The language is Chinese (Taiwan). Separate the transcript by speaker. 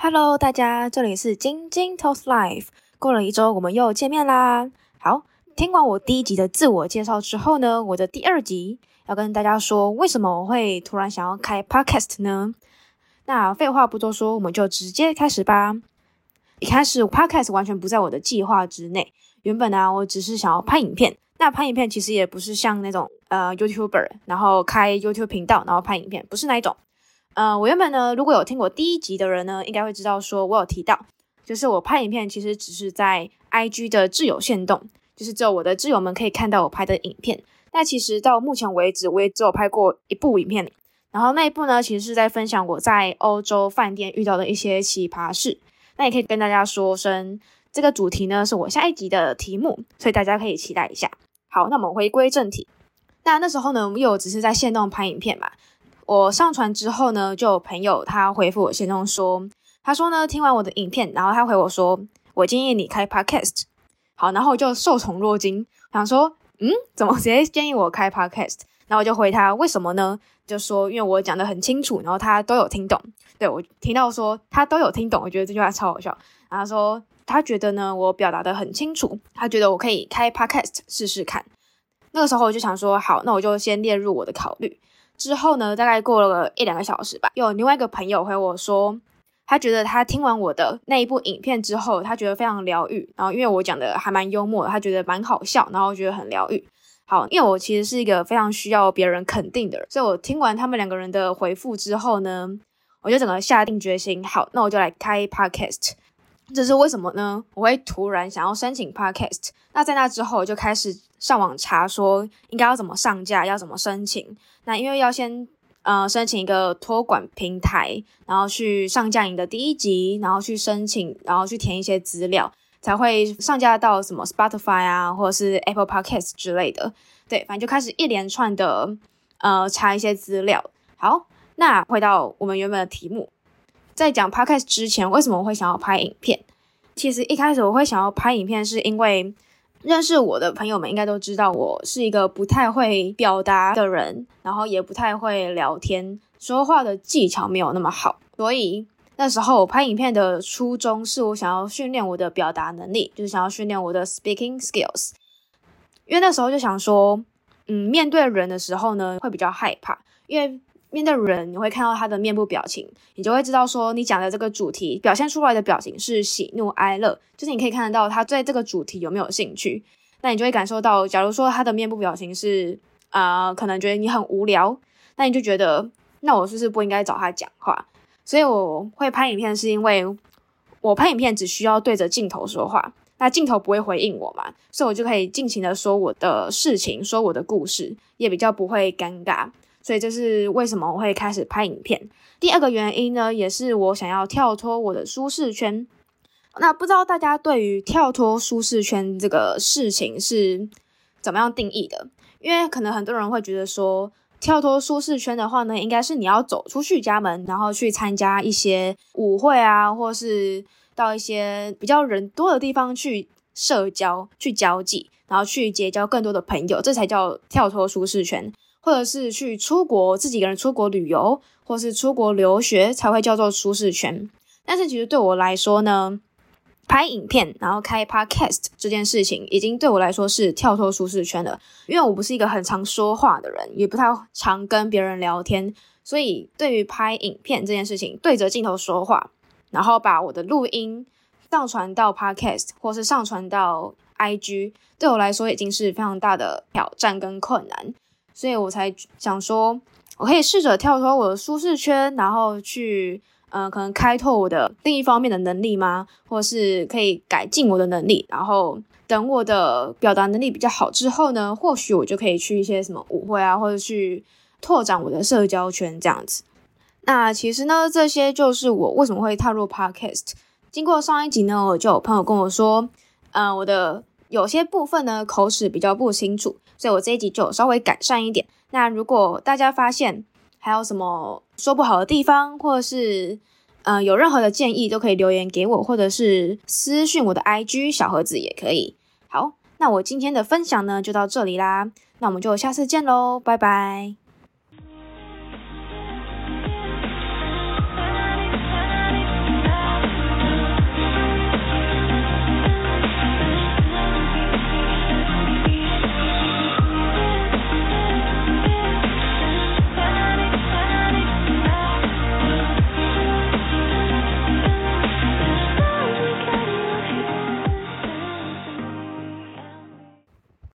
Speaker 1: 哈嘍，大家，這裡是晶晶 Toast Life。過了一周，我們又見面啦。好，聽完我第一集的自我介紹之後呢，我的第二集要跟大家說，為什麼我會突然想要開 Podcast 呢？那廢話不多說，我們就直接開始吧。一開始 Podcast 完全不在我的計劃之內。原本呢、啊，我只是想要拍影片。那拍影片其實也不是像那種呃 YouTuber，然後開 YouTube 頻道，然後拍影片，不是那一種。呃，我原本呢，如果有聽過第一集的人呢，應該會知道說我有提到，就是我拍影片，其實只是在 IG 的摯友限動，就是只有我的摯友們可以看到我拍的影片。那其實到目前為止，我也只有拍過一部影片，然後那一部呢，其實是在分享我在歐洲飯店遇到的一些奇葩事。那也可以跟大家說聲，這個主題呢是我下一集的題目，所以大家可以期待一下。好，那我們回歸正題，那那時候呢，我們又只是在限動拍影片嘛。我上傳之後呢，就有朋友他回復我信中說，他說呢聽完我的影片，然後他回我說，我建議你開 Podcast。好，然後就我受寵若驚，想說，嗯，怎麼誰建議我開 Podcast？然後我就回他為什麼呢？就說因為我講得很清楚，然後他都有聽懂。對我聽到說他都有聽懂，我覺得這句話超好笑。然後他說他覺得呢我表達得很清楚，他覺得我可以開 Podcast 試試看。那個時候我就想說，好，那我就先列入我的考慮。之後呢，大概過了一兩個小時吧，有另外一個朋友回我說，他覺得他聽完我的那一部影片之後，他覺得非常療癒。然後因為我講的還蠻幽默，他覺得蠻好笑，然後覺得很療癒。好，因為我其實是一個非常需要別人肯定的人，所以我聽完他們兩個人的回覆之後呢，我就整個下定決心，好，那我就來開 Podcast。這是為什麼呢？我會突然想要申請 Podcast，那在那之後我就開始上網查，說應該要怎麼上架，要怎麼申請。那因為要先呃申請一個托管平台，然後去上架你的第一集，然後去申請，然後去填一些資料，才會上架到什麼 Spotify 啊，或者是 Apple Podcast 之類的。對，反正就開始一連串的呃查一些資料。好，那回到我們原本的題目。在講 podcast 之前，為什麼我會想要拍影片？其實一開始我會想要拍影片，是因為認識我的朋友們應該都知道，我是一個不太會表達的人，然後也不太會聊天，說話的技巧沒有那麼好。所以那時候我拍影片的初衷是我想要訓練我的表達能力，就是想要訓練我的 speaking skills。因為那時候就想說，嗯，面對人的時候呢，會比較害怕，因為。面對人，你會看到他的面部表情，你就會知道說你講的這個主題表現出來的表情是喜怒哀樂，就是你可以看得到他對這個主題有沒有興趣。那你就會感受到，假如說他的面部表情是啊、呃，可能覺得你很無聊，那你就覺得那我是不是不應該找他講話？所以我會拍影片是因為我拍影片只需要對着鏡頭說話，那鏡頭不會回應我嘛，所以我就可以盡情的說我的事情，說我的故事，也比較不會尷尬。所以這是為什麼我會開始拍影片。第二個原因呢，也是我想要跳脫我的舒適圈。那不知道大家對於跳脫舒適圈這個事情是怎麼樣定義的？因為可能很多人會覺得說，跳脫舒適圈的話呢，應該是你要走出去家門，然後去參加一些舞會啊，或是到一些比較人多的地方去社交、去交際，然後去結交更多的朋友，這才叫跳脫舒適圈。或者是去出國，自己一個人出國旅遊，或是出國留學才會叫做舒適圈。但是，其實對我來說呢，拍影片然後開 Podcast 這件事情，已經對我來說是跳脫舒適圈了。因為我不是一個很常說話的人，也不太常跟別人聊天，所以對於拍影片這件事情，對着鏡頭說話，然後把我的錄音上傳到 Podcast 或是上傳到 IG，對我來說已經是非常大的挑戰跟困難。所以我才想說，我可以試着跳出我的舒適圈，然後去，嗯、呃，可能開拓我的另一方面的能力嗎？或是可以改進我的能力，然後等我的表達能力比較好之後呢，或許我就可以去一些什麼舞會啊，或者去拓展我的社交圈這樣子。那其實呢，這些就是我為什麼會踏入 podcast。經過上一集呢，我就有朋友跟我說，嗯、呃，我的有些部分呢口齒比較不清楚。所以，我這一集就稍微改善一點。那如果大家發現還有什麼說不好的地方，或者是，呃，有任何的建議，都可以留言給我，或者是私訊我的 IG 小盒子也可以。好，那我今天的分享呢就到這裡啦，那我們就下次見嘍，拜拜。